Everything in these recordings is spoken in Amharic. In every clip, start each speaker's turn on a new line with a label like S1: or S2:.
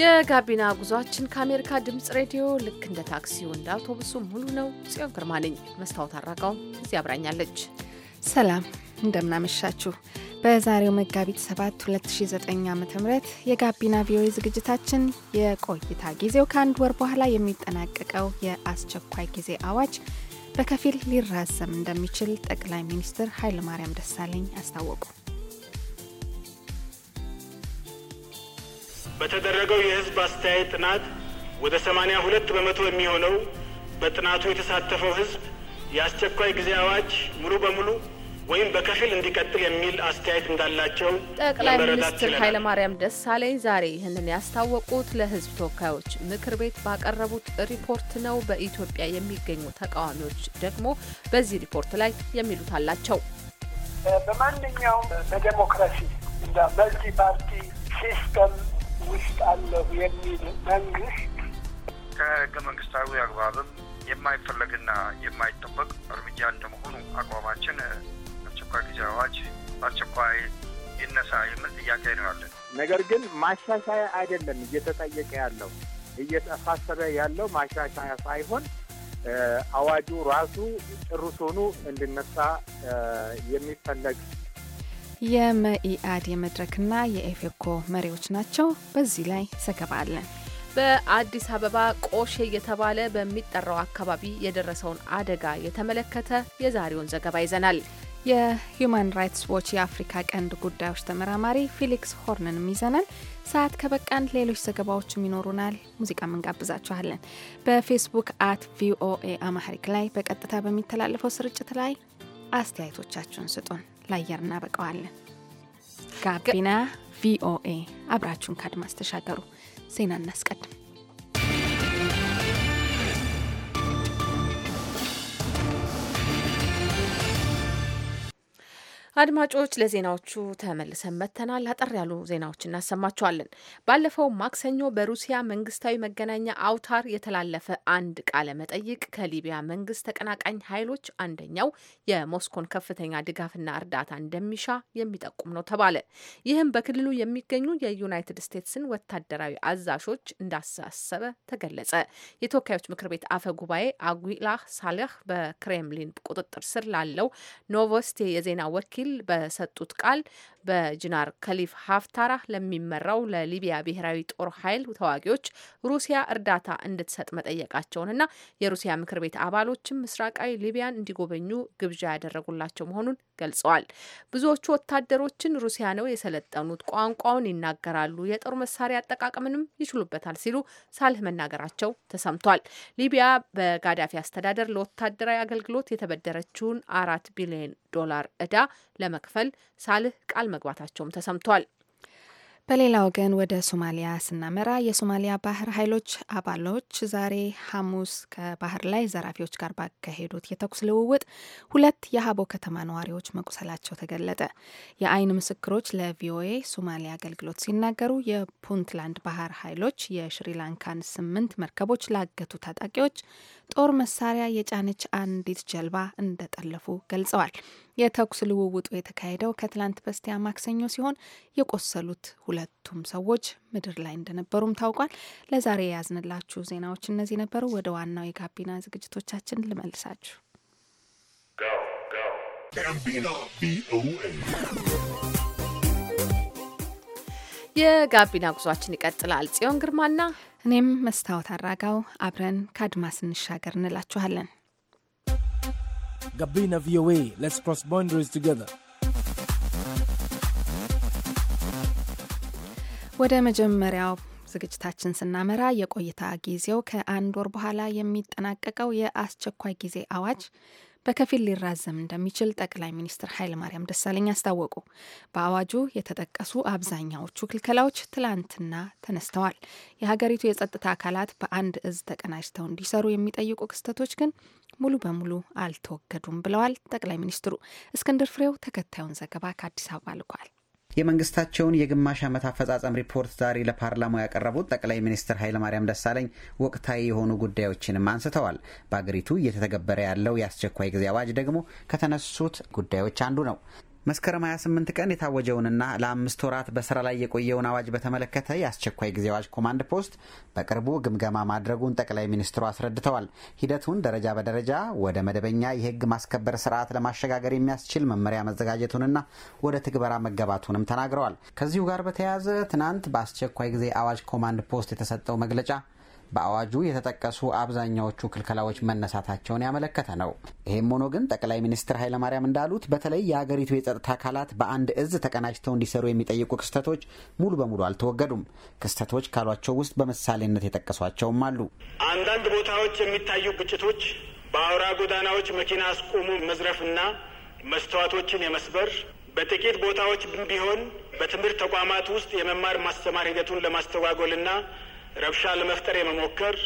S1: የጋቢና ጉዟችን ከአሜሪካ ድምጽ ሬዲዮ ልክ እንደ ታክሲው እንደ አውቶቡሱ ሙሉ ነው። ጽዮን ግርማ ነኝ። መስታወት አራጋውም እዚህ አብራኛለች። ሰላም
S2: እንደምናመሻችሁ። በዛሬው መጋቢት 7 2009 ዓ ም የጋቢና ቪኦኤ ዝግጅታችን የቆይታ ጊዜው ከአንድ ወር በኋላ የሚጠናቀቀው የአስቸኳይ ጊዜ አዋጅ በከፊል ሊራዘም እንደሚችል ጠቅላይ ሚኒስትር ኃይለማርያም ደሳለኝ አስታወቁ።
S3: በተደረገው የህዝብ አስተያየት ጥናት ወደ 82 በመቶ የሚሆነው በጥናቱ የተሳተፈው ህዝብ የአስቸኳይ ጊዜ አዋጅ ሙሉ በሙሉ ወይም በከፊል እንዲቀጥል የሚል አስተያየት እንዳላቸው ጠቅላይ ሚኒስትር ኃይለማርያም
S1: ደሳለኝ ዛሬ ይህንን ያስታወቁት ለህዝብ ተወካዮች ምክር ቤት ባቀረቡት ሪፖርት ነው። በኢትዮጵያ የሚገኙ ተቃዋሚዎች ደግሞ በዚህ ሪፖርት ላይ የሚሉት አላቸው።
S4: በማንኛውም በዴሞክራሲ መልቲ ፓርቲ ሲስተም ውስጥ አለሁ የሚል መንግስት
S5: ከህገ መንግስታዊ አግባብም የማይፈለግና የማይጠበቅ እርምጃ እንደመሆኑ አቋማችን አስቸኳይ ጊዜ አዋጅ በአስቸኳይ ይነሳ የምን ጥያቄ ነው
S6: ነገር ግን ማሻሻያ አይደለም እየተጠየቀ ያለው እየተሳሰበ ያለው ማሻሻያ ሳይሆን አዋጁ ራሱ ጭሩሱኑ እንድነሳ የሚፈለግ
S2: የመኢአድ የመድረክና የኤፌኮ መሪዎች ናቸው። በዚህ ላይ ዘገባ አለን።
S1: በአዲስ አበባ ቆሼ እየተባለ በሚጠራው አካባቢ የደረሰውን አደጋ የተመለከተ የዛሬውን ዘገባ ይዘናል። የሂዩማን
S2: ራይትስ ዎች የአፍሪካ ቀንድ
S1: ጉዳዮች ተመራማሪ ፊሊክስ ሆርንንም
S2: ይዘናል። ሰዓት ከበቃን ሌሎች ዘገባዎችም ይኖሩናል። ሙዚቃም እንጋብዛችኋለን። በፌስቡክ አት ቪኦኤ አማሪክ ላይ በቀጥታ በሚተላለፈው ስርጭት ላይ አስተያየቶቻችሁን ስጡን፣ ለአየር እናበቀዋለን። ጋቢና ቪኦኤ አብራችሁን ከአድማስ ተሻገሩ። ዜና እናስቀድም።
S1: አድማጮች ለዜናዎቹ ተመልሰን መጥተናል። አጠር ያሉ ዜናዎች እናሰማችኋለን። ባለፈው ማክሰኞ በሩሲያ መንግስታዊ መገናኛ አውታር የተላለፈ አንድ ቃለ መጠይቅ ከሊቢያ መንግስት ተቀናቃኝ ኃይሎች አንደኛው የሞስኮን ከፍተኛ ድጋፍና እርዳታ እንደሚሻ የሚጠቁም ነው ተባለ። ይህም በክልሉ የሚገኙ የዩናይትድ ስቴትስን ወታደራዊ አዛሾች እንዳሳሰበ ተገለጸ። የተወካዮች ምክር ቤት አፈ ጉባኤ አጉላህ ሳሌህ በክሬምሊን ቁጥጥር ስር ላለው ኖቮስቴ የዜና ወኪል በሰጡት ቃል በጂናር ከሊፍ ሀፍታራ ለሚመራው ለሊቢያ ብሔራዊ ጦር ኃይል ተዋጊዎች ሩሲያ እርዳታ እንድትሰጥ መጠየቃቸውንና የሩሲያ ምክር ቤት አባሎችም ምስራቃዊ ሊቢያን እንዲጎበኙ ግብዣ ያደረጉላቸው መሆኑን ገልጸዋል። ብዙዎቹ ወታደሮችን ሩሲያ ነው የሰለጠኑት፣ ቋንቋውን ይናገራሉ፣ የጦር መሳሪያ አጠቃቀምንም ይችሉበታል ሲሉ ሳልህ መናገራቸው ተሰምቷል። ሊቢያ በጋዳፊ አስተዳደር ለወታደራዊ አገልግሎት የተበደረችውን አራት ቢሊዮን ዶላር እዳ ለመክፈል ሳልህ ቃል መግባታቸውም ተሰምቷል።
S2: በሌላ ወገን ወደ ሶማሊያ ስናመራ የሶማሊያ ባህር ኃይሎች አባሎች ዛሬ ሐሙስ ከባህር ላይ ዘራፊዎች ጋር ባካሄዱት የተኩስ ልውውጥ ሁለት የሀቦ ከተማ ነዋሪዎች መቁሰላቸው ተገለጠ። የአይን ምስክሮች ለቪኦኤ ሶማሊያ አገልግሎት ሲናገሩ የፑንትላንድ ባህር ኃይሎች የሽሪላንካን ስምንት መርከቦች ላገቱ ታጣቂዎች ጦር መሳሪያ የጫነች አንዲት ጀልባ እንደጠለፉ ገልጸዋል። የተኩስ ልውውጡ የተካሄደው ከትላንት በስቲያ ማክሰኞ ሲሆን የቆሰሉት ሁለቱም ሰዎች ምድር ላይ እንደነበሩም ታውቋል። ለዛሬ የያዝንላችሁ ዜናዎች እነዚህ ነበሩ። ወደ ዋናው የጋቢና ዝግጅቶቻችን ልመልሳችሁ። የጋቢና ጉዟችን ይቀጥላል። ጽዮን ግርማና እኔም መስታወት አራጋው አብረን ከአድማስ እንሻገር እንላችኋለን።
S3: ጋቢና ቪኦኤ ሌትስ ክሮስ ቦንደሪስ ቱጌዘር።
S2: ወደ መጀመሪያው ዝግጅታችን ስናመራ የቆይታ ጊዜው ከአንድ ወር በኋላ የሚጠናቀቀው የአስቸኳይ ጊዜ አዋጅ በከፊል ሊራዘም እንደሚችል ጠቅላይ ሚኒስትር ኃይለማርያም ደሳለኝ አስታወቁ። በአዋጁ የተጠቀሱ አብዛኛዎቹ ክልከላዎች ትላንትና ተነስተዋል። የሀገሪቱ የጸጥታ አካላት በአንድ እዝ ተቀናጅተው እንዲሰሩ የሚጠይቁ ክስተቶች ግን ሙሉ በሙሉ አልተወገዱም ብለዋል ጠቅላይ ሚኒስትሩ። እስክንድር ፍሬው ተከታዩን ዘገባ ከአዲስ አበባ ልኳል።
S7: የመንግስታቸውን የግማሽ ዓመት አፈጻጸም ሪፖርት ዛሬ ለፓርላማው ያቀረቡት ጠቅላይ ሚኒስትር ኃይለማርያም ደሳለኝ ወቅታዊ የሆኑ ጉዳዮችንም አንስተዋል። በአገሪቱ እየተተገበረ ያለው የአስቸኳይ ጊዜ አዋጅ ደግሞ ከተነሱት ጉዳዮች አንዱ ነው። መስከረም 28 ቀን የታወጀውንና ለአምስት ወራት በስራ ላይ የቆየውን አዋጅ በተመለከተ የአስቸኳይ ጊዜ አዋጅ ኮማንድ ፖስት በቅርቡ ግምገማ ማድረጉን ጠቅላይ ሚኒስትሩ አስረድተዋል። ሂደቱን ደረጃ በደረጃ ወደ መደበኛ የህግ ማስከበር ስርዓት ለማሸጋገር የሚያስችል መመሪያ መዘጋጀቱንና ወደ ትግበራ መገባቱንም ተናግረዋል። ከዚሁ ጋር በተያያዘ ትናንት በአስቸኳይ ጊዜ አዋጅ ኮማንድ ፖስት የተሰጠው መግለጫ በአዋጁ የተጠቀሱ አብዛኛዎቹ ክልከላዎች መነሳታቸውን ያመለከተ ነው። ይህም ሆኖ ግን ጠቅላይ ሚኒስትር ኃይለማርያም እንዳሉት በተለይ የአገሪቱ የጸጥታ አካላት በአንድ እዝ ተቀናጅተው እንዲሰሩ የሚጠይቁ ክስተቶች ሙሉ በሙሉ አልተወገዱም። ክስተቶች ካሏቸው ውስጥ በምሳሌነት የጠቀሷቸውም አሉ።
S3: አንዳንድ ቦታዎች የሚታዩ ግጭቶች በአውራ ጎዳናዎች መኪና አስቆሙ መዝረፍና መስተዋቶችን የመስበር በጥቂት ቦታዎች ቢሆን በትምህርት ተቋማት ውስጥ የመማር ማስተማር ሂደቱን ለማስተጓጎልና ረብሻ ለመፍጠር የመሞከር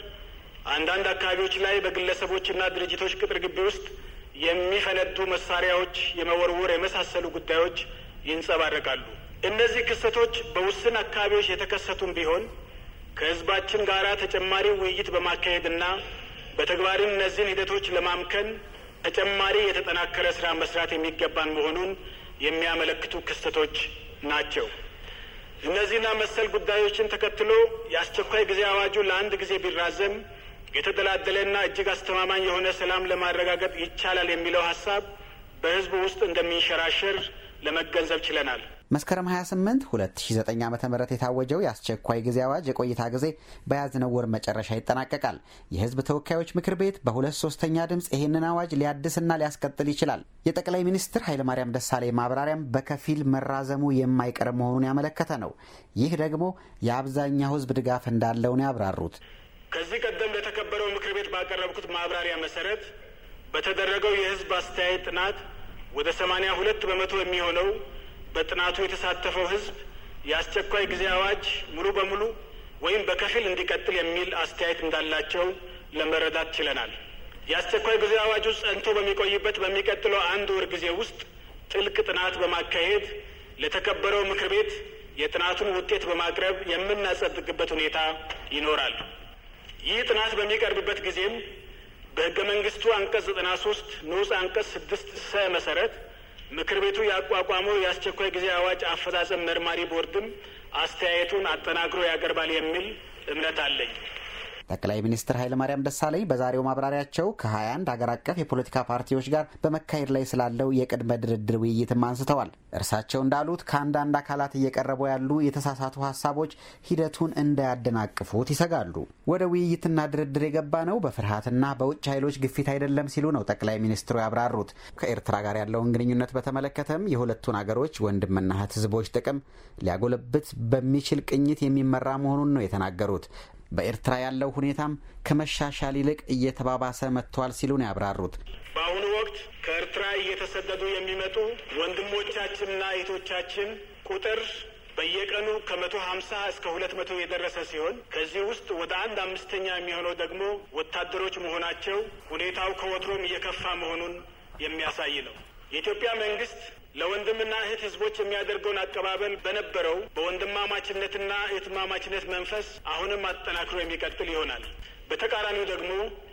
S3: አንዳንድ አካባቢዎች ላይ በግለሰቦችና ድርጅቶች ቅጥር ግቢ ውስጥ የሚፈነዱ መሳሪያዎች የመወርወር የመሳሰሉ ጉዳዮች ይንጸባረቃሉ። እነዚህ ክስተቶች በውስን አካባቢዎች የተከሰቱም ቢሆን ከህዝባችን ጋራ ተጨማሪ ውይይት በማካሄድና በተግባርም እነዚህን ሂደቶች ለማምከን ተጨማሪ የተጠናከረ ስራ መስራት የሚገባን መሆኑን የሚያመለክቱ ክስተቶች ናቸው። እነዚህና መሰል ጉዳዮችን ተከትሎ የአስቸኳይ ጊዜ አዋጁ ለአንድ ጊዜ ቢራዘም የተደላደለና እጅግ አስተማማኝ የሆነ ሰላም ለማረጋገጥ ይቻላል የሚለው ሀሳብ በህዝቡ ውስጥ እንደሚንሸራሸር ለመገንዘብ ችለናል።
S7: መስከረም 28 2009 ዓ ም የታወጀው የአስቸኳይ ጊዜ አዋጅ የቆይታ ጊዜ በያዝነው ወር መጨረሻ ይጠናቀቃል። የህዝብ ተወካዮች ምክር ቤት በሁለት ሶስተኛ ድምፅ ይህንን አዋጅ ሊያድስና ሊያስቀጥል ይችላል። የጠቅላይ ሚኒስትር ኃይለማርያም ደሳሌ ማብራሪያም በከፊል መራዘሙ የማይቀር መሆኑን ያመለከተ ነው። ይህ ደግሞ የአብዛኛው ህዝብ ድጋፍ እንዳለው ነው ያብራሩት።
S3: ከዚህ ቀደም ለተከበረው ምክር ቤት ባቀረብኩት ማብራሪያ መሰረት በተደረገው የህዝብ አስተያየት ጥናት ወደ ሰማኒያ ሁለት በመቶ የሚሆነው በጥናቱ የተሳተፈው ህዝብ የአስቸኳይ ጊዜ አዋጅ ሙሉ በሙሉ ወይም በከፊል እንዲቀጥል የሚል አስተያየት እንዳላቸው ለመረዳት ችለናል። የአስቸኳይ ጊዜ አዋጁ ጸንቶ በሚቆይበት በሚቀጥለው አንድ ወር ጊዜ ውስጥ ጥልቅ ጥናት በማካሄድ ለተከበረው ምክር ቤት የጥናቱን ውጤት በማቅረብ የምናጸድቅበት ሁኔታ ይኖራል። ይህ ጥናት በሚቀርብበት ጊዜም በህገ መንግስቱ አንቀጽ ዘጠና ሶስት ንዑስ አንቀጽ ስድስት ሰ መሰረት ምክር ቤቱ ያቋቋመው የአስቸኳይ ጊዜ አዋጅ አፈጻጸም መርማሪ ቦርድም አስተያየቱን አጠናክሮ ያቀርባል የሚል እምነት አለኝ።
S7: ጠቅላይ ሚኒስትር ኃይለማርያም ደሳለኝ በዛሬው ማብራሪያቸው ከ21 ሀገር አቀፍ የፖለቲካ ፓርቲዎች ጋር በመካሄድ ላይ ስላለው የቅድመ ድርድር ውይይትም አንስተዋል። እርሳቸው እንዳሉት ከአንዳንድ አካላት እየቀረቡ ያሉ የተሳሳቱ ሀሳቦች ሂደቱን እንዳያደናቅፉት ይሰጋሉ። ወደ ውይይትና ድርድር የገባ ነው በፍርሃትና በውጭ ኃይሎች ግፊት አይደለም ሲሉ ነው ጠቅላይ ሚኒስትሩ ያብራሩት። ከኤርትራ ጋር ያለውን ግንኙነት በተመለከተም የሁለቱን አገሮች ወንድምና እህት ህዝቦች ጥቅም ሊያጎለብት በሚችል ቅኝት የሚመራ መሆኑን ነው የተናገሩት። በኤርትራ ያለው ሁኔታም ከመሻሻል ይልቅ እየተባባሰ መጥቷል ሲሉ ነው ያብራሩት። በአሁኑ
S3: ወቅት ከኤርትራ እየተሰደዱ የሚመጡ ወንድሞቻችንና እህቶቻችን ቁጥር በየቀኑ ከመቶ ሀምሳ እስከ ሁለት መቶ የደረሰ ሲሆን ከዚህ ውስጥ ወደ አንድ አምስተኛ የሚሆነው ደግሞ ወታደሮች መሆናቸው ሁኔታው ከወትሮም እየከፋ መሆኑን የሚያሳይ ነው። የኢትዮጵያ መንግስት ለወንድምና እህት ህዝቦች የሚያደርገውን አቀባበል በነበረው በወንድማማችነትና እህትማማችነት መንፈስ አሁንም አጠናክሮ የሚቀጥል ይሆናል። በተቃራኒው ደግሞ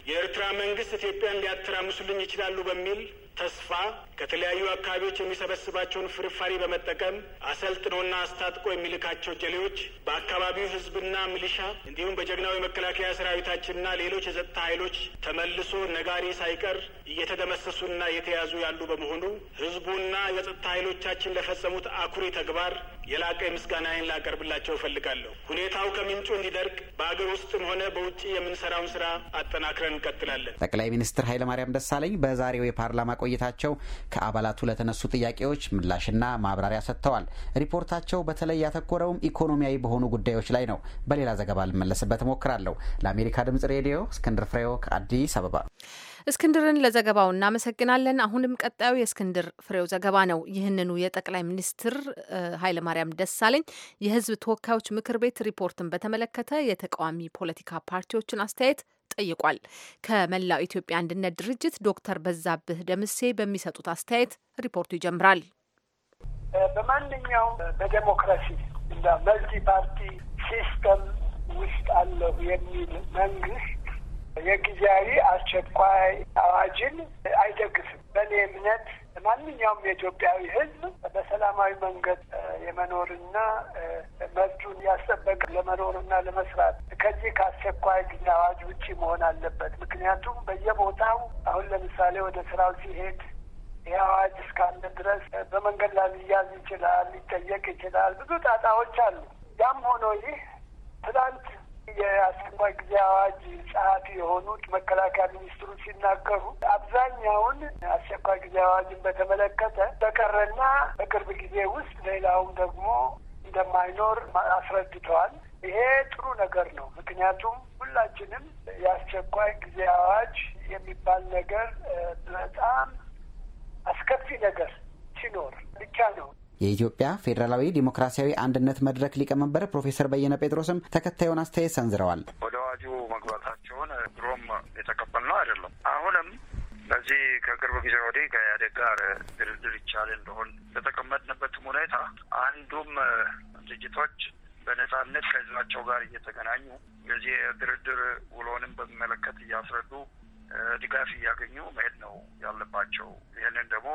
S3: የኤርትራ መንግስት ኢትዮጵያን ሊያተራምሱልኝ ይችላሉ በሚል ተስፋ ከተለያዩ አካባቢዎች የሚሰበስባቸውን ፍርፋሪ በመጠቀም አሰልጥኖና አስታጥቆ የሚልካቸው ጀሌዎች በአካባቢው ህዝብና ሚሊሻ እንዲሁም በጀግናው የመከላከያ ሰራዊታችንና ሌሎች የጸጥታ ኃይሎች ተመልሶ ነጋሪ ሳይቀር እየተደመሰሱና እየተያዙ ያሉ በመሆኑ ህዝቡና የጸጥታ ኃይሎቻችን ለፈጸሙት አኩሪ ተግባር የላቀ ምስጋናዬን ላቀርብላቸው እፈልጋለሁ። ሁኔታው ከምንጩ እንዲደርቅ በአገር ውስጥም ሆነ በውጭ የምንሰራውን ስራ አጠናክረን እንቀጥላለን።
S7: ጠቅላይ ሚኒስትር ኃይለማርያም ደሳለኝ በዛሬው የፓርላማ ቆይታቸው ከአባላቱ ለተነሱ ጥያቄዎች ምላሽና ማብራሪያ ሰጥተዋል። ሪፖርታቸው በተለይ ያተኮረውም ኢኮኖሚያዊ በሆኑ ጉዳዮች ላይ ነው። በሌላ ዘገባ ልመለስበት እሞክራለሁ። ለአሜሪካ ድምጽ ሬዲዮ እስክንድር ፍሬው ከአዲስ አበባ።
S1: እስክንድርን ለዘገባው እናመሰግናለን። አሁንም ቀጣዩ የእስክንድር ፍሬው ዘገባ ነው። ይህንኑ የጠቅላይ ሚኒስትር ኃይለማርያም ደሳለኝ የሕዝብ ተወካዮች ምክር ቤት ሪፖርትን በተመለከተ የተቃዋሚ ፖለቲካ ፓርቲዎችን አስተያየት ጠይቋል። ከመላው ኢትዮጵያ አንድነት ድርጅት ዶክተር በዛብህ ደምሴ በሚሰጡት አስተያየት ሪፖርቱ ይጀምራል።
S4: በማንኛውም በዴሞክራሲ እና መልቲ ፓርቲ ሲስተም ውስጥ አለሁ የሚል መንግስት የጊዜያዊ አስቸኳይ አዋጅን አይደግፍም። በእኔ እምነት ማንኛውም የኢትዮጵያዊ ሕዝብ በሰላማዊ መንገድ የመኖርና መብቱን ያስጠበቀ ለመኖርና ለመስራት ከዚህ ከአስቸኳይ ጊዜ አዋጅ ውጭ መሆን አለበት። ምክንያቱም በየቦታው አሁን ለምሳሌ ወደ ስራው ሲሄድ የአዋጅ አዋጅ እስካለ ድረስ በመንገድ ላይ ሊያዝ ይችላል፣ ሊጠየቅ ይችላል። ብዙ ጣጣዎች አሉ። ያም ሆኖ ይህ ትላንት የአስቸኳይ ጊዜ አዋጅ ጸሐፊ የሆኑት መከላከያ ሚኒስትሩ ሲናገሩ አብዛኛውን አስቸኳይ ጊዜ አዋጅን በተመለከተ በቀረና በቅርብ ጊዜ ውስጥ ሌላውም ደግሞ እንደማይኖር አስረድተዋል። ይሄ ጥሩ ነገር ነው። ምክንያቱም ሁላችንም የአስቸኳይ ጊዜ አዋጅ የሚባል ነገር በጣም አስከፊ ነገር ሲኖር ብቻ ነው
S7: የኢትዮጵያ ፌዴራላዊ ዲሞክራሲያዊ አንድነት መድረክ ሊቀመንበር ፕሮፌሰር በየነ ጴጥሮስም ተከታዩን አስተያየት ሰንዝረዋል።
S5: ወደ አዋጁ መግባታቸውን ድሮም የተቀበልነው አይደለም። አሁንም በዚህ ከቅርብ ጊዜ ወዲህ ከኢህአዴግ ጋር ድርድር ይቻል እንደሆን የተቀመጥንበትም ሁኔታ አንዱም ድርጅቶች በነጻነት ከህዝባቸው ጋር እየተገናኙ የዚህ ድርድር ውሎንም በሚመለከት እያስረዱ ድጋፍ እያገኙ መሄድ ነው ያለባቸው። ይህንን ደግሞ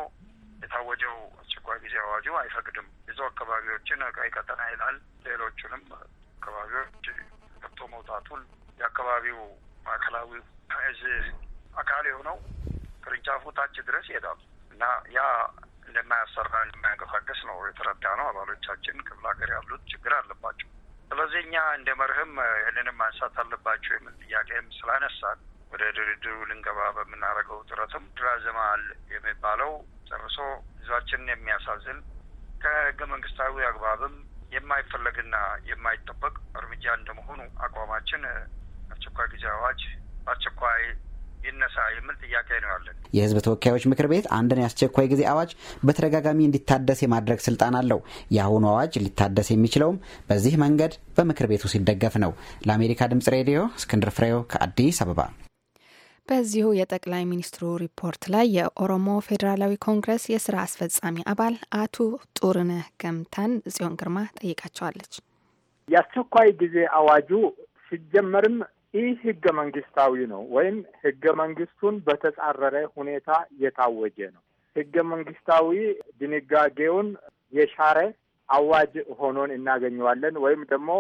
S5: የታወጀው አስቸኳይ ጊዜ አዋጁ አይፈቅድም። ብዙ አካባቢዎችን ቀይ ቀጠና ይላል። ሌሎቹንም አካባቢዎች ገብቶ መውጣቱን የአካባቢው ማዕከላዊ እዝ አካል የሆነው ቅርንጫፉ ታች ድረስ ይሄዳሉ እና ያ እንደማያሰራ እንደማያንቀሳቀስ ነው የተረዳ ነው። አባሎቻችን ክፍለ ሀገር ያሉት ችግር አለባቸው። ስለዚህ እኛ እንደ መርህም ይህንንም ማንሳት አለባቸው የሚል ጥያቄም ስላነሳን ወደ ድርድሩ ልንገባ በምናደርገው ጥረትም ድራዘማል የሚባለው ጨርሶ ህዝባችንን የሚያሳዝን ከህገ መንግስታዊ አግባብም የማይፈለግና የማይጠበቅ እርምጃ እንደመሆኑ አቋማችን አስቸኳይ ጊዜ አዋጅ በአስቸኳይ ይነሳ
S8: የሚል ጥያቄ
S7: ነው ያለን። የህዝብ ተወካዮች ምክር ቤት አንድን የአስቸኳይ ጊዜ አዋጅ በተደጋጋሚ እንዲታደስ የማድረግ ስልጣን አለው። የአሁኑ አዋጅ ሊታደስ የሚችለውም በዚህ መንገድ በምክር ቤቱ ሲደገፍ ነው። ለአሜሪካ ድምጽ ሬዲዮ እስክንድር ፍሬው ከአዲስ አበባ
S2: በዚሁ የጠቅላይ ሚኒስትሩ ሪፖርት ላይ የኦሮሞ ፌዴራላዊ ኮንግረስ የስራ አስፈጻሚ አባል አቶ ጡርነህ ገምታን ጽዮን ግርማ ጠይቃቸዋለች።
S6: የአስቸኳይ ጊዜ አዋጁ ሲጀመርም ይህ ህገ መንግስታዊ ነው ወይም ህገ መንግስቱን በተጻረረ ሁኔታ የታወጀ ነው። ህገ መንግስታዊ ድንጋጌውን የሻረ አዋጅ ሆኖን እናገኘዋለን ወይም ደግሞ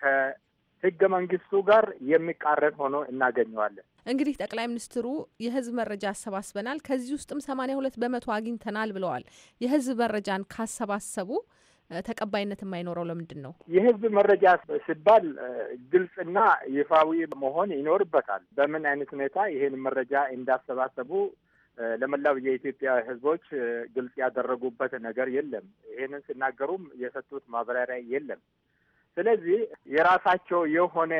S6: ከህገ መንግስቱ ጋር የሚቃረን ሆኖ እናገኘዋለን።
S1: እንግዲህ ጠቅላይ ሚኒስትሩ የህዝብ መረጃ አሰባስበናል፣ ከዚህ ውስጥም ሰማንያ ሁለት በመቶ አግኝተናል ብለዋል። የህዝብ መረጃን ካሰባሰቡ ተቀባይነት የማይኖረው ለምንድን ነው?
S6: የህዝብ መረጃ ሲባል ግልጽና ይፋዊ መሆን ይኖርበታል። በምን አይነት ሁኔታ ይሄን መረጃ እንዳሰባሰቡ ለመላው የኢትዮጵያ ህዝቦች ግልጽ ያደረጉበት ነገር የለም። ይሄንን ሲናገሩም የሰጡት ማብራሪያ የለም። ስለዚህ የራሳቸው የሆነ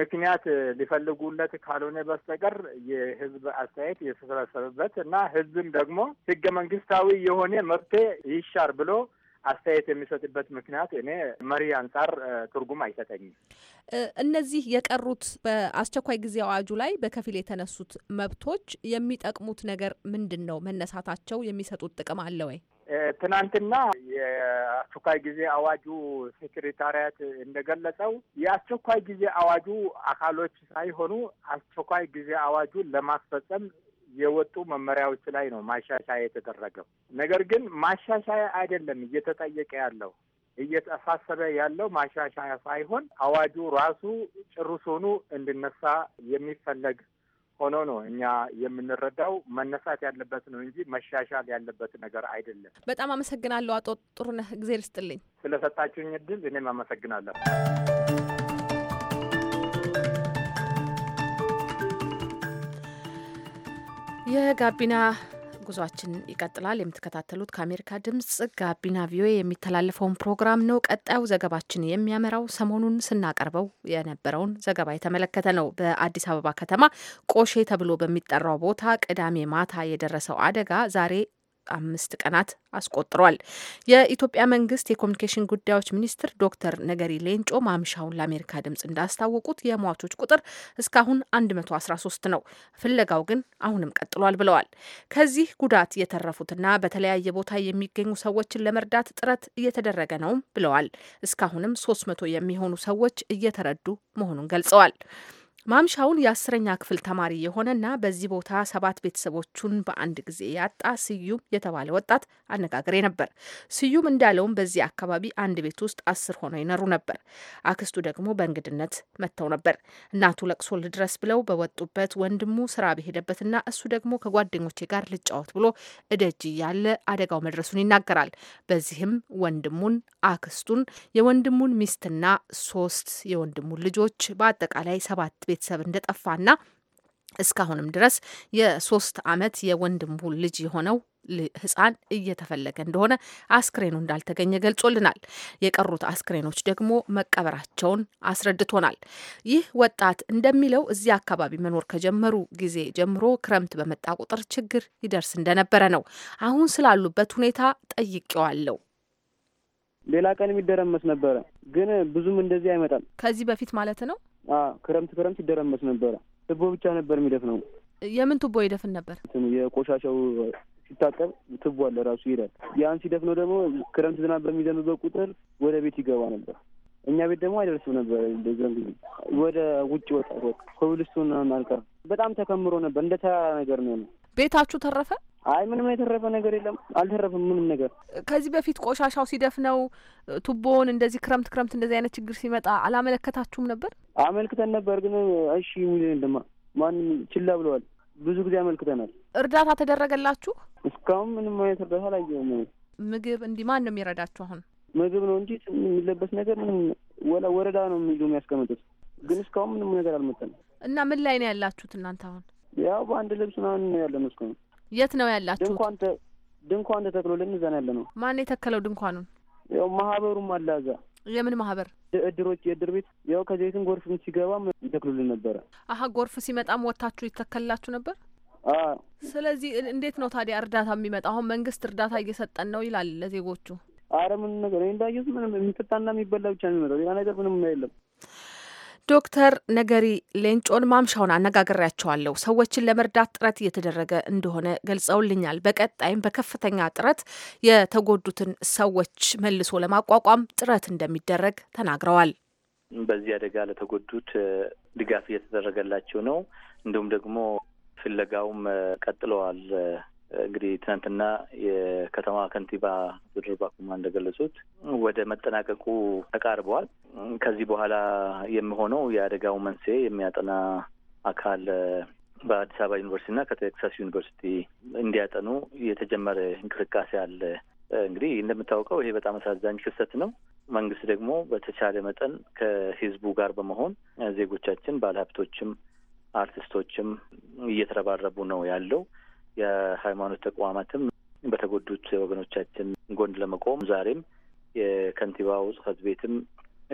S6: ምክንያት ሊፈልጉለት ካልሆነ በስተቀር የህዝብ አስተያየት የተሰበሰበበት እና ህዝብም ደግሞ ህገ መንግስታዊ የሆነ መፍትሄ ይሻር ብሎ አስተያየት የሚሰጥበት ምክንያት እኔ መሪ አንጻር ትርጉም አይሰጠኝም።
S1: እነዚህ የቀሩት በአስቸኳይ ጊዜ አዋጁ ላይ በከፊል የተነሱት መብቶች የሚጠቅሙት ነገር ምንድን ነው? መነሳታቸው የሚሰጡት ጥቅም አለ ወይ?
S6: ትናንትና የአስቸኳይ ጊዜ አዋጁ ሴክሬታሪያት እንደገለጸው የአስቸኳይ ጊዜ አዋጁ አካሎች ሳይሆኑ አስቸኳይ ጊዜ አዋጁ ለማስፈጸም የወጡ መመሪያዎች ላይ ነው ማሻሻያ የተደረገው። ነገር ግን ማሻሻያ አይደለም እየተጠየቀ ያለው እየተሳሰበ ያለው ማሻሻያ ሳይሆን አዋጁ ራሱ ጭሩሱኑ እንድነሳ የሚፈለግ ሆኖ ነው እኛ የምንረዳው። መነሳት ያለበት ነው እንጂ መሻሻል ያለበት ነገር አይደለም።
S1: በጣም አመሰግናለሁ አቶ ጥሩነህ፣ እግዜር ስጥልኝ
S6: ስለሰጣችሁኝ እድል። እኔም አመሰግናለሁ።
S1: የጋቢና ጉዟችን ይቀጥላል። የምትከታተሉት ከአሜሪካ ድምጽ ጋቢና ቪኦኤ የሚተላለፈውን ፕሮግራም ነው። ቀጣዩ ዘገባችን የሚያመራው ሰሞኑን ስናቀርበው የነበረውን ዘገባ የተመለከተ ነው። በአዲስ አበባ ከተማ ቆሼ ተብሎ በሚጠራው ቦታ ቅዳሜ ማታ የደረሰው አደጋ ዛሬ አምስት ቀናት አስቆጥሯል። የኢትዮጵያ መንግስት የኮሚኒኬሽን ጉዳዮች ሚኒስትር ዶክተር ነገሪ ሌንጮ ማምሻውን ለአሜሪካ ድምጽ እንዳስታወቁት የሟቾች ቁጥር እስካሁን 113 ነው፣ ፍለጋው ግን አሁንም ቀጥሏል ብለዋል። ከዚህ ጉዳት የተረፉትና በተለያየ ቦታ የሚገኙ ሰዎችን ለመርዳት ጥረት እየተደረገ ነውም ብለዋል። እስካሁንም 300 የሚሆኑ ሰዎች እየተረዱ መሆኑን ገልጸዋል። ማምሻውን የአስረኛ ክፍል ተማሪ የሆነና በዚህ ቦታ ሰባት ቤተሰቦቹን በአንድ ጊዜ ያጣ ስዩም የተባለ ወጣት አነጋግሬ ነበር። ስዩም እንዳለውም በዚህ አካባቢ አንድ ቤት ውስጥ አስር ሆነው ይኖሩ ነበር። አክስቱ ደግሞ በእንግድነት መጥተው ነበር። እናቱ ለቅሶ ልድረስ ብለው በወጡበት ወንድሙ ስራ በሄደበትና እሱ ደግሞ ከጓደኞቼ ጋር ልጫወት ብሎ እደጅ እያለ አደጋው መድረሱን ይናገራል። በዚህም ወንድሙን፣ አክስቱን፣ የወንድሙን ሚስትና ሶስት የወንድሙን ልጆች በአጠቃላይ ሰባት ቤተሰብ እንደጠፋና እስካሁንም ድረስ የሶስት አመት የወንድሙ ልጅ የሆነው ህፃን እየተፈለገ እንደሆነ አስክሬኑ እንዳልተገኘ ገልጾልናል። የቀሩት አስክሬኖች ደግሞ መቀበራቸውን አስረድቶናል። ይህ ወጣት እንደሚለው እዚህ አካባቢ መኖር ከጀመሩ ጊዜ ጀምሮ ክረምት በመጣ ቁጥር ችግር ይደርስ እንደነበረ ነው። አሁን ስላሉበት ሁኔታ ጠይቄዋለሁ።
S9: ሌላ ቀን የሚደረመስ ነበረ፣ ግን ብዙም እንደዚህ አይመጣም።
S1: ከዚህ በፊት ማለት ነው
S9: ክረምት ክረምት ይደረመስ ነበረ። ትቦ ብቻ ነበር የሚደፍ ነው።
S1: የምን ትቦ ይደፍን ነበር?
S9: የቆሻሻው ሲታጠብ ትቦ አለ ራሱ ይሄዳል። ያን ሲደፍ ነው ደግሞ ክረምት ዝናብ በሚዘንብበት ቁጥር ወደ ቤት ይገባ ነበር። እኛ ቤት ደግሞ አይደርስም ነበር። ጊዜ ወደ ውጭ ወጣ ኮብልስቱን አልቀር በጣም ተከምሮ ነበር። እንደ ተራራ ነገር ነው።
S1: ቤታችሁ ተረፈ? አይ ምንም የተረፈ ነገር የለም፣ አልተረፈም ምንም ነገር። ከዚህ በፊት ቆሻሻው ሲደፍነው ቱቦውን እንደዚህ ክረምት ክረምት እንደዚህ አይነት ችግር ሲመጣ አላመለከታችሁም ነበር?
S9: አመልክተን ነበር፣ ግን እሺ የሚልን ማንም ችላ ብለዋል። ብዙ ጊዜ አመልክተናል።
S1: እርዳታ ተደረገላችሁ?
S9: እስካሁን ምንም አይነት እርዳታ አላየሁም።
S1: ምግብ እንዲህ ማን ነው የሚረዳችሁ? አሁን
S9: ምግብ ነው እንጂ የሚለበስ ነገር ምንም ወላ ወረዳ ነው የሚሉ የሚያስቀምጡት፣ ግን እስካሁን ምንም ነገር አልመጣም።
S1: እና ምን ላይ ነው ያላችሁት እናንተ አሁን?
S9: ያው በአንድ ልብስ ምናምን ነው እስኩ ነው።
S1: የት ነው ያላችሁ? ድንኳን
S9: ድንኳን ተተክሎልን እዛ ነው ያለ ነው። ማን የተከለው ድንኳኑን? ያው ማህበሩም አለ እዛ። የምን ማህበር? እድሮች፣ የእድር ቤት ያው ከዘይትን ጎርፍም ሲገባም ይተክሉልን ነበረ።
S1: አሀ ጎርፍ ሲመጣም ወታችሁ ይተከልላችሁ ነበር? ስለዚህ እንዴት ነው ታዲያ እርዳታ የሚመጣ? አሁን መንግስት እርዳታ እየሰጠን ነው ይላል ለዜጎቹ።
S9: አረ ምን ነገር እንዳየሁት ምንም የሚፈታና የሚበላ ብቻ ነው የሚመጣው፣ ሌላ ነገር ምንም የለም።
S1: ዶክተር ነገሪ ሌንጮን ማምሻውን አነጋግሬያቸዋለሁ። ሰዎችን ለመርዳት ጥረት እየተደረገ እንደሆነ ገልጸውልኛል። በቀጣይም በከፍተኛ ጥረት የተጎዱትን ሰዎች መልሶ ለማቋቋም ጥረት እንደሚደረግ ተናግረዋል።
S6: በዚህ አደጋ ለተጎዱት ድጋፍ እየተደረገላቸው ነው። እንዲሁም ደግሞ ፍለጋውም ቀጥለዋል። እንግዲህ ትናንትና የከተማ ከንቲባ ዝድር ባኩማ እንደገለጹት ወደ መጠናቀቁ ተቃርበዋል። ከዚህ በኋላ የሚሆነው የአደጋው መንስኤ የሚያጠና አካል በአዲስ አበባ ዩኒቨርሲቲና ከቴክሳስ ዩኒቨርሲቲ እንዲያጠኑ የተጀመረ እንቅስቃሴ አለ። እንግዲህ እንደምታውቀው ይሄ በጣም አሳዛኝ ክስተት ነው። መንግስት ደግሞ በተቻለ መጠን ከህዝቡ ጋር በመሆን ዜጎቻችን፣ ባለሀብቶችም፣ አርቲስቶችም እየተረባረቡ ነው ያለው የሃይማኖት ተቋማትም በተጎዱት ወገኖቻችን ጎን ለመቆም ዛሬም የከንቲባው ጽፈት ቤትም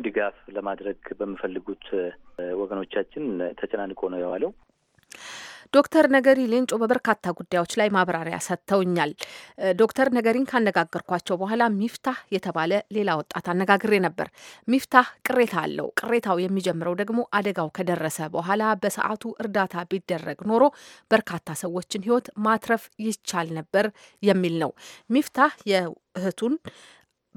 S6: ድጋፍ ለማድረግ በሚፈልጉት ወገኖቻችን ተጨናንቆ ነው የዋለው።
S1: ዶክተር ነገሪ ሌንጮ በበርካታ ጉዳዮች ላይ ማብራሪያ ሰጥተውኛል። ዶክተር ነገሪን ካነጋገርኳቸው በኋላ ሚፍታህ የተባለ ሌላ ወጣት አነጋግሬ ነበር። ሚፍታህ ቅሬታ አለው። ቅሬታው የሚጀምረው ደግሞ አደጋው ከደረሰ በኋላ በሰዓቱ እርዳታ ቢደረግ ኖሮ በርካታ ሰዎችን ሕይወት ማትረፍ ይቻል ነበር የሚል ነው። ሚፍታህ የእህቱን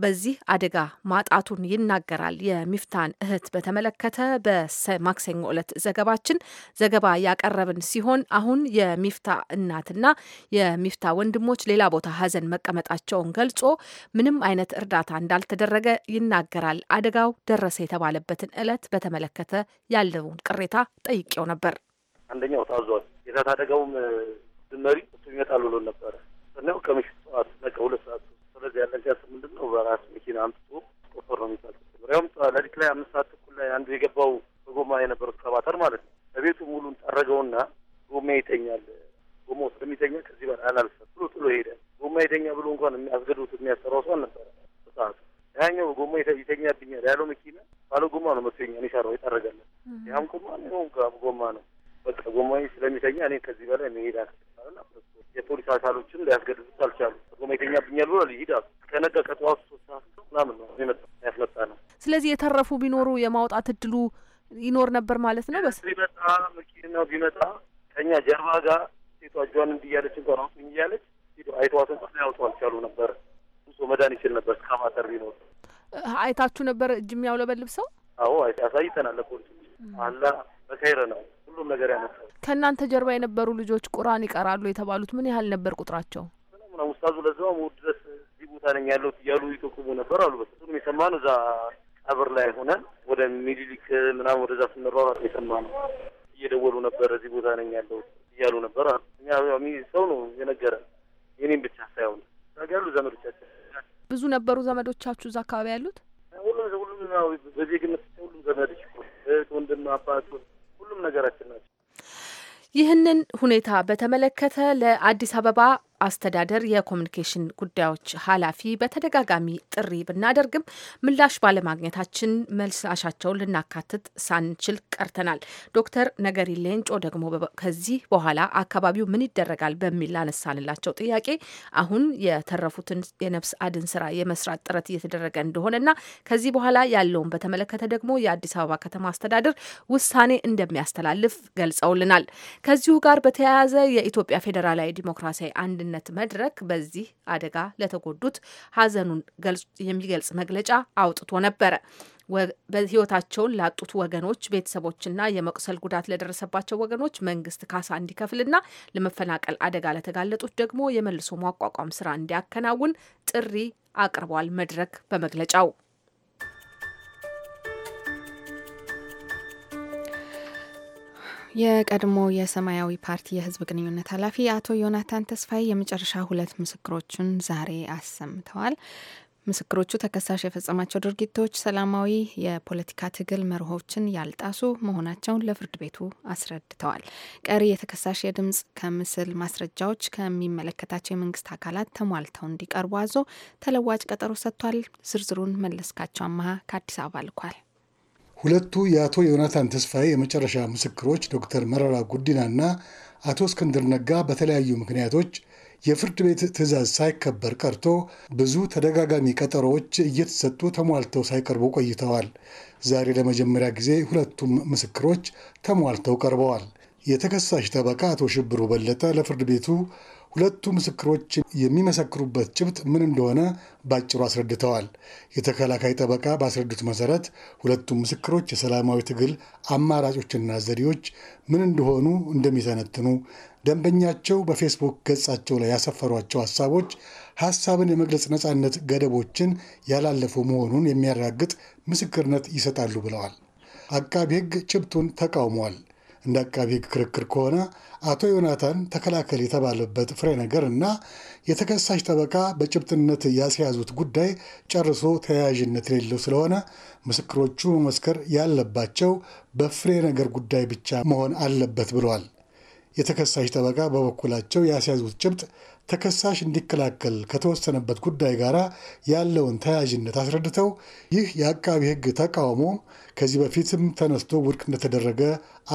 S1: በዚህ አደጋ ማጣቱን ይናገራል። የሚፍታን እህት በተመለከተ በማክሰኞ ዕለት ዘገባችን ዘገባ ያቀረብን ሲሆን አሁን የሚፍታ እናትና የሚፍታ ወንድሞች ሌላ ቦታ ሀዘን መቀመጣቸውን ገልጾ ምንም አይነት እርዳታ እንዳልተደረገ ይናገራል። አደጋው ደረሰ የተባለበትን ዕለት በተመለከተ ያለውን ቅሬታ ጠይቄው ነበር።
S10: አንደኛው ታዟል። የእሳት አደጋውም መሪ እሱ ይመጣል ብሎን ነበረ። ከምሽት ጠዋት ነቀ ሁለት ሰዓት ስለዚህ ያለ ሲያስ ምንድን ነው በራስ መኪና አምጥቶ ቆፈር ነው የሚባል ሪያውም ለሊት ላይ አምስት ሰዓት ተኩል ላይ አንዱ የገባው በጎማ የነበረው ስካቫተር ማለት ነው በቤቱ ሙሉን ጠረገውና ጎማ ይተኛል ጎማ ውስጥ ስለሚተኛ ከዚህ በላይ አላልፈም ብሎ ጥሎ ሄደ። ጎማ ይተኛ ብሎ እንኳን የሚያስገድሉት የሚያሰራው ሰው አልነበረ። በሰዓቱ ያኛው ጎማ ይተኛብኛል ያለው መኪና ባለ ጎማ ነው መቶኛ የሰራው ይጠረጋለ ያም ጎማ ነው ጎማ ነው በቃ ጎማ ስለሚተኛ እኔ ከዚህ በላይ መሄድ አልችልም። የፖሊስ አካሎችም ሊያስገድዱት አልቻሉ። ቆመ ይተኛብኛል ብሎ ሊሂድ አሉ። ከነጋ ከጠዋቱ ሶስት ሰዓት ምናምን ነው የመጣ ያስመጣ ነው።
S1: ስለዚህ የተረፉ ቢኖሩ የማውጣት እድሉ ይኖር ነበር ማለት ነው። በስ ቢመጣ
S10: መኪናው ቢመጣ ከኛ ጀርባ ጋር ሴቷ እጇን እንዲያለች እንኳን አውጡኝ እያለች ሂዶ አይተዋት እንኳን ሊያወጡ አልቻሉ ነበር። ብዙ መዳን ይችል ነበር። እስካማተር ቢኖር
S1: አይታችሁ ነበር እጅ የሚያውለበልብ ሰው?
S10: አዎ አሳይተናል ለፖሊስ አላ በከይረ ነው ሁሉም ነገር ያነሳው።
S1: ከእናንተ ጀርባ የነበሩ ልጆች ቁርአን ይቀራሉ የተባሉት ምን ያህል ነበር ቁጥራቸው?
S10: ነው ውስታዙ ለዛውም እሑድ ድረስ እዚህ ቦታ ነኝ ያለሁት እያሉ ይጠቁሙ ነበር አሉ። በሁም የሰማነው እዛ ቀብር ላይ ሆነን ወደ ሚኒሊክ ምናምን ወደዛ ስንሯሯጥ ነው። እየደወሉ ነበር። እዚህ ቦታ ነኝ ያለሁት እያሉ ነበር አሉ። እኛ ሰው ነው የነገረን የኔም ብቻ ሳይሆን ያሉ ዘመዶቻችን
S1: ብዙ ነበሩ። ዘመዶቻችሁ እዛ አካባቢ ያሉት
S10: ሁሉም ሁሉም በዜግነት ሁሉም ዘመድ ወንድም፣ አባት ሁሉም ነገራችን ናቸው።
S1: ይህንን ሁኔታ በተመለከተ ለአዲስ አበባ አስተዳደር የኮሚኒኬሽን ጉዳዮች ኃላፊ በተደጋጋሚ ጥሪ ብናደርግም ምላሽ ባለማግኘታችን መልሳሻቸውን ልናካትት ሳንችል ቀርተናል። ዶክተር ነገሪ ሌንጮ ደግሞ ከዚህ በኋላ አካባቢው ምን ይደረጋል በሚል ላነሳንላቸው ጥያቄ አሁን የተረፉትን የነፍስ አድን ስራ የመስራት ጥረት እየተደረገ እንደሆነና ከዚህ በኋላ ያለውን በተመለከተ ደግሞ የአዲስ አበባ ከተማ አስተዳደር ውሳኔ እንደሚያስተላልፍ ገልጸውልናል። ከዚሁ ጋር በተያያዘ የኢትዮጵያ ፌዴራላዊ ዲሞክራሲያዊ አንድ የአንድነት መድረክ በዚህ አደጋ ለተጎዱት ሀዘኑን የሚገልጽ መግለጫ አውጥቶ ነበረ። በህይወታቸውን ላጡት ወገኖች ቤተሰቦችና የመቁሰል ጉዳት ለደረሰባቸው ወገኖች መንግስት ካሳ እንዲከፍልና ለመፈናቀል አደጋ ለተጋለጡት ደግሞ የመልሶ ማቋቋም ስራ እንዲያከናውን ጥሪ አቅርቧል። መድረክ በመግለጫው
S2: የቀድሞ የሰማያዊ ፓርቲ የህዝብ ግንኙነት ኃላፊ አቶ ዮናታን ተስፋዬ የመጨረሻ ሁለት ምስክሮቹን ዛሬ አሰምተዋል። ምስክሮቹ ተከሳሽ የፈጸማቸው ድርጊቶች ሰላማዊ የፖለቲካ ትግል መርሆችን ያልጣሱ መሆናቸውን ለፍርድ ቤቱ አስረድተዋል። ቀሪ የተከሳሽ የድምፅ ከምስል ማስረጃዎች ከሚመለከታቸው የመንግስት አካላት ተሟልተው እንዲቀርቡ አዞ ተለዋጭ ቀጠሮ ሰጥቷል። ዝርዝሩን መለስካቸው አመሀ ከአዲስ አበባ ልኳል።
S11: ሁለቱ የአቶ ዮናታን ተስፋዬ የመጨረሻ ምስክሮች ዶክተር መረራ ጉዲናና አቶ እስክንድር ነጋ በተለያዩ ምክንያቶች የፍርድ ቤት ትዕዛዝ ሳይከበር ቀርቶ ብዙ ተደጋጋሚ ቀጠሮዎች እየተሰጡ ተሟልተው ሳይቀርቡ ቆይተዋል። ዛሬ ለመጀመሪያ ጊዜ ሁለቱም ምስክሮች ተሟልተው ቀርበዋል። የተከሳሽ ጠበቃ አቶ ሽብሩ በለጠ ለፍርድ ቤቱ ሁለቱ ምስክሮች የሚመሰክሩበት ጭብጥ ምን እንደሆነ ባጭሩ አስረድተዋል። የተከላካይ ጠበቃ ባስረዱት መሰረት ሁለቱም ምስክሮች የሰላማዊ ትግል አማራጮችና ዘዴዎች ምን እንደሆኑ እንደሚተነትኑ፣ ደንበኛቸው በፌስቡክ ገጻቸው ላይ ያሰፈሯቸው ሀሳቦች ሀሳብን የመግለጽ ነፃነት ገደቦችን ያላለፉ መሆኑን የሚያረጋግጥ ምስክርነት ይሰጣሉ ብለዋል። አቃቢ ሕግ ጭብጡን ተቃውሟል። እንደ አቃቢ ክርክር ከሆነ አቶ ዮናታን ተከላከል የተባለበት ፍሬ ነገር እና የተከሳሽ ጠበቃ በጭብጥነት ያስያዙት ጉዳይ ጨርሶ ተያያዥነት የሌለው ስለሆነ ምስክሮቹ መመስከር ያለባቸው በፍሬ ነገር ጉዳይ ብቻ መሆን አለበት ብለዋል። የተከሳሽ ጠበቃ በበኩላቸው ያስያዙት ጭብጥ ተከሳሽ እንዲከላከል ከተወሰነበት ጉዳይ ጋር ያለውን ተያያዥነት አስረድተው ይህ የአቃቢ ሕግ ተቃውሞ ከዚህ በፊትም ተነስቶ ውድቅ እንደተደረገ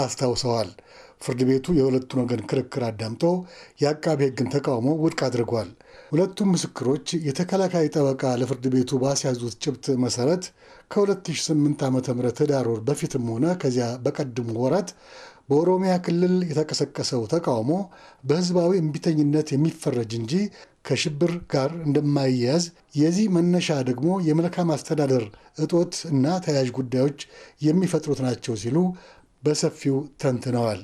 S11: አስታውሰዋል። ፍርድ ቤቱ የሁለቱን ወገን ክርክር አዳምጦ የአቃቢ ሕግን ተቃውሞ ውድቅ አድርጓል። ሁለቱም ምስክሮች የተከላካይ ጠበቃ ለፍርድ ቤቱ ባስያዙት ጭብጥ መሰረት ከ2008 ዓ ም ህዳር ወር በፊትም ሆነ ከዚያ በቀድሙ ወራት በኦሮሚያ ክልል የተቀሰቀሰው ተቃውሞ በህዝባዊ እምቢተኝነት የሚፈረጅ እንጂ ከሽብር ጋር እንደማይያዝ የዚህ መነሻ ደግሞ የመልካም አስተዳደር እጦት እና ተያያዥ ጉዳዮች የሚፈጥሩት ናቸው ሲሉ በሰፊው ተንትነዋል።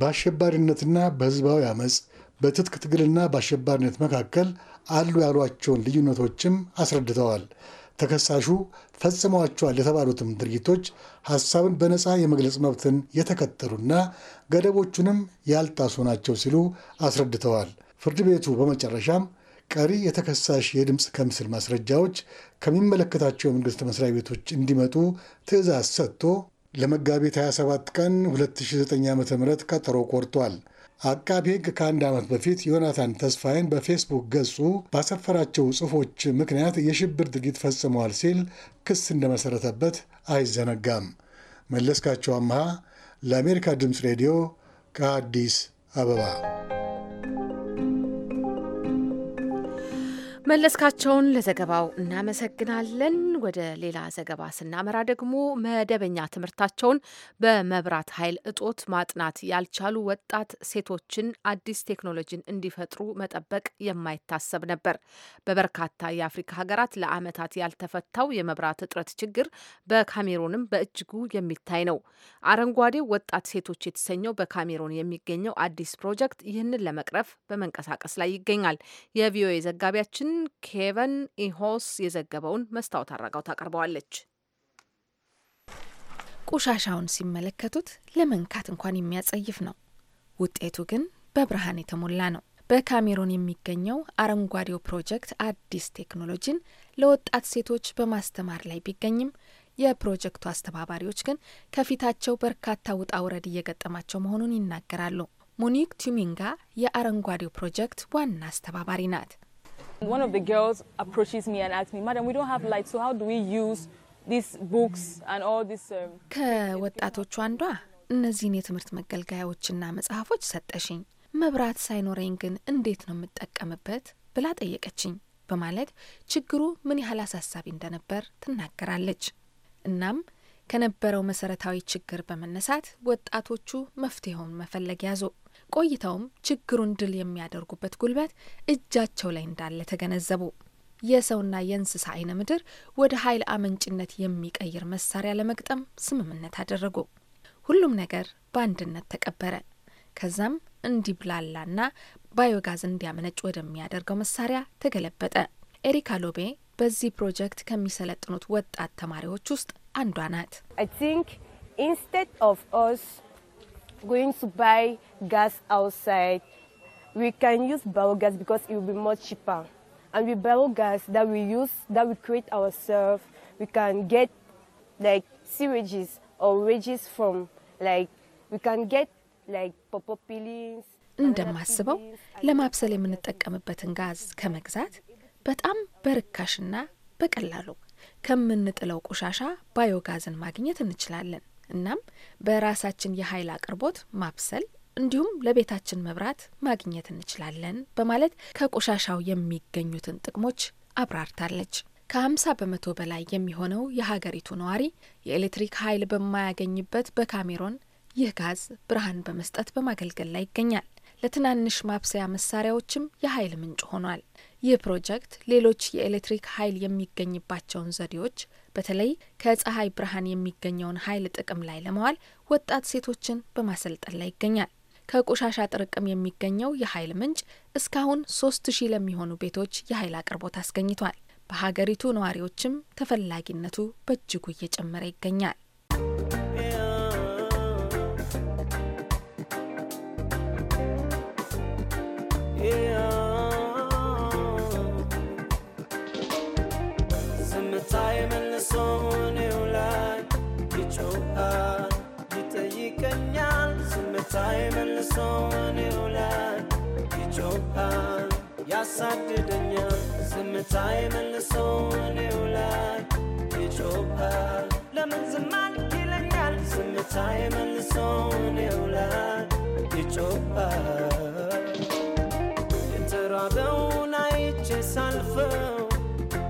S11: በአሸባሪነትና በህዝባዊ አመፅ፣ በትጥቅ ትግልና በአሸባሪነት መካከል አሉ ያሏቸውን ልዩነቶችም አስረድተዋል። ተከሳሹ ፈጽመዋቸዋል የተባሉትም ድርጊቶች ሀሳብን በነፃ የመግለጽ መብትን የተከተሉና ገደቦቹንም ያልጣሱ ናቸው ሲሉ አስረድተዋል። ፍርድ ቤቱ በመጨረሻም ቀሪ የተከሳሽ የድምፅ ከምስል ማስረጃዎች ከሚመለከታቸው የመንግሥት መስሪያ ቤቶች እንዲመጡ ትዕዛዝ ሰጥቶ ለመጋቢት 27 ቀን 2009 ዓ.ም ቀጠሮ ቆርጧል። አቃቢ ሕግ ከአንድ ዓመት በፊት ዮናታን ተስፋዬን በፌስቡክ ገጹ ባሰፈራቸው ጽሑፎች ምክንያት የሽብር ድርጊት ፈጽመዋል ሲል ክስ እንደመሠረተበት አይዘነጋም። መለስካቸው አምሃ ለአሜሪካ ድምፅ ሬዲዮ ከአዲስ አበባ
S1: መለስካቸውን ለዘገባው እናመሰግናለን። ወደ ሌላ ዘገባ ስናመራ ደግሞ መደበኛ ትምህርታቸውን በመብራት ኃይል እጦት ማጥናት ያልቻሉ ወጣት ሴቶችን አዲስ ቴክኖሎጂን እንዲፈጥሩ መጠበቅ የማይታሰብ ነበር። በበርካታ የአፍሪካ ሀገራት ለዓመታት ያልተፈታው የመብራት እጥረት ችግር በካሜሩንም በእጅጉ የሚታይ ነው። አረንጓዴው ወጣት ሴቶች የተሰኘው በካሜሩን የሚገኘው አዲስ ፕሮጀክት ይህንን ለመቅረፍ በመንቀሳቀስ ላይ ይገኛል። የቪኦኤ ዘጋቢያችን ኬቨን ኢሆስ የዘገበውን መስታወት አረጋው ታቀርበዋለች።
S2: ቆሻሻውን ሲመለከቱት ለመንካት እንኳን የሚያጸይፍ ነው። ውጤቱ ግን በብርሃን የተሞላ ነው። በካሜሮን የሚገኘው አረንጓዴው ፕሮጀክት አዲስ ቴክኖሎጂን ለወጣት ሴቶች በማስተማር ላይ ቢገኝም የፕሮጀክቱ አስተባባሪዎች ግን ከፊታቸው በርካታ ውጣ ውረድ እየገጠማቸው መሆኑን ይናገራሉ። ሙኒክ ቱሚንጋ የአረንጓዴው ፕሮጀክት ዋና አስተባባሪ ናት። One of the girls approaches me and asks me, Madam, we don't have light, so how do we use these books and all this? Um, ከወጣቶቹ አንዷ እነዚህን የትምህርት መገልገያዎችና መጽሐፎች ሰጠሽኝ፣ መብራት ሳይኖረኝ ግን እንዴት ነው የምጠቀምበት ብላ ጠየቀችኝ በማለት ችግሩ ምን ያህል አሳሳቢ እንደነበር ትናገራለች። እናም ከነበረው መሰረታዊ ችግር በመነሳት ወጣቶቹ መፍትሄውን መፈለግ ያዙ። ቆይተውም ችግሩን ድል የሚያደርጉበት ጉልበት እጃቸው ላይ እንዳለ ተገነዘቡ። የሰውና የእንስሳ አይነ ምድር ወደ ኃይል አመንጭነት የሚቀይር መሳሪያ ለመግጠም ስምምነት አደረጉ። ሁሉም ነገር በአንድነት ተቀበረ። ከዛም እንዲብላላና ባዮጋዝ እንዲያመነጭ ወደሚያደርገው መሳሪያ ተገለበጠ። ኤሪካ ሎቤ በዚህ ፕሮጀክት ከሚሰለጥኑት ወጣት ተማሪዎች ውስጥ አንዷ ናት። going to buy gas outside, we can use biogas because it will be much cheaper. And with biogas that we use, that we create ourselves, we can get like sewages or wages from like we can get like popo peelings. እንደማስበው ለማብሰል የምንጠቀምበትን ጋዝ ከመግዛት በጣም በርካሽና በቀላሉ ከምንጥለው ቆሻሻ ባዮጋዝን ማግኘት እንችላለን። እናም በራሳችን የኃይል አቅርቦት ማብሰል እንዲሁም ለቤታችን መብራት ማግኘት እንችላለን በማለት ከቆሻሻው የሚገኙትን ጥቅሞች አብራርታለች። ከ50 በመቶ በላይ የሚሆነው የሀገሪቱ ነዋሪ የኤሌክትሪክ ኃይል በማያገኝበት በካሜሮን ይህ ጋዝ ብርሃን በመስጠት በማገልገል ላይ ይገኛል። ለትናንሽ ማብሰያ መሳሪያዎችም የኃይል ምንጭ ሆኗል። ይህ ፕሮጀክት ሌሎች የኤሌክትሪክ ኃይል የሚገኝባቸውን ዘዴዎች በተለይ ከፀሐይ ብርሃን የሚገኘውን ኃይል ጥቅም ላይ ለማዋል ወጣት ሴቶችን በማሰልጠን ላይ ይገኛል። ከቆሻሻ ጥርቅም የሚገኘው የኃይል ምንጭ እስካሁን ሶስት ሺህ ለሚሆኑ ቤቶች የኃይል አቅርቦት አስገኝቷል። በሀገሪቱ ነዋሪዎችም ተፈላጊነቱ በእጅጉ እየጨመረ ይገኛል።
S8: ያሳድደኛል ዝምታ የመልሰው እኔው ይጮሃል ለምን ዝም ይለኛል ዝምታ የመልሰው እኔው ላይ ይጮሃል የተራበውን አይቼ ሳልፈው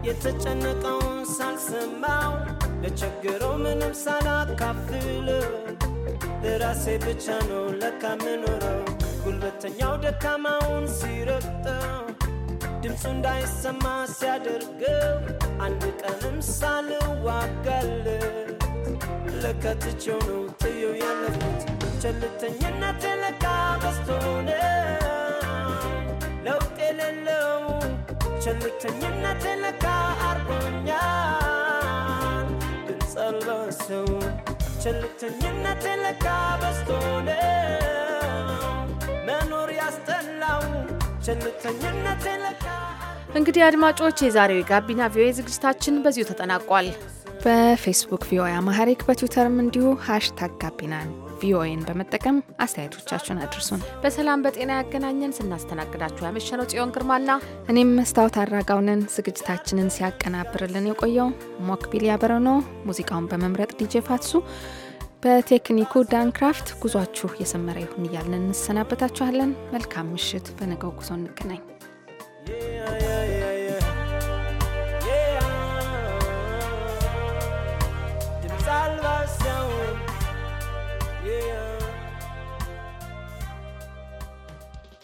S8: የተጨነቀውን ሳልሰማው ለችግረው ምንም ሳላካፍለው ለራሴ ብቻ ነው ለካ ምኖረው ጉልበተኛው ደካማውን ሲረግጠው ድምፁ እንዳይሰማ ሲያደርገው አንድ ቀንም ሳልዋጋል ለከትቼው ነው ትዩ ያለፉት ቸልተኝነት ለካ በስቶነ ለውጥ የሌለው ቸልተኝነት ለካ አርጎኛል ድምፅ አልባ ቸልተኝነት ለካ መኖር ያስጠላው
S1: እንግዲህ አድማጮች የዛሬው የጋቢና ቪኦኤ ዝግጅታችን በዚሁ ተጠናቋል።
S2: በፌስቡክ ቪኦኤ አማሐሪክ በትዊተርም እንዲሁ ሀሽታግ ጋቢናን ቪኦኤን በመጠቀም አስተያየቶቻችሁን አድርሱን።
S1: በሰላም በጤና ያገናኘን። ስናስተናግዳችሁ ያመሸነው ጽዮን ግርማና
S2: እኔም መስታወት አድራጋውንን ዝግጅታችንን ሲያቀናብርልን የቆየው ሞክቢል ያበረኖ ነው። ሙዚቃውን በመምረጥ ዲጄ ፋትሱ በቴክኒኩ ዳንክራፍት ጉዟችሁ የሰመረ ይሁን እያልን እንሰናበታችኋለን። መልካም ምሽት። በነገው ጉዞ እንገናኝ።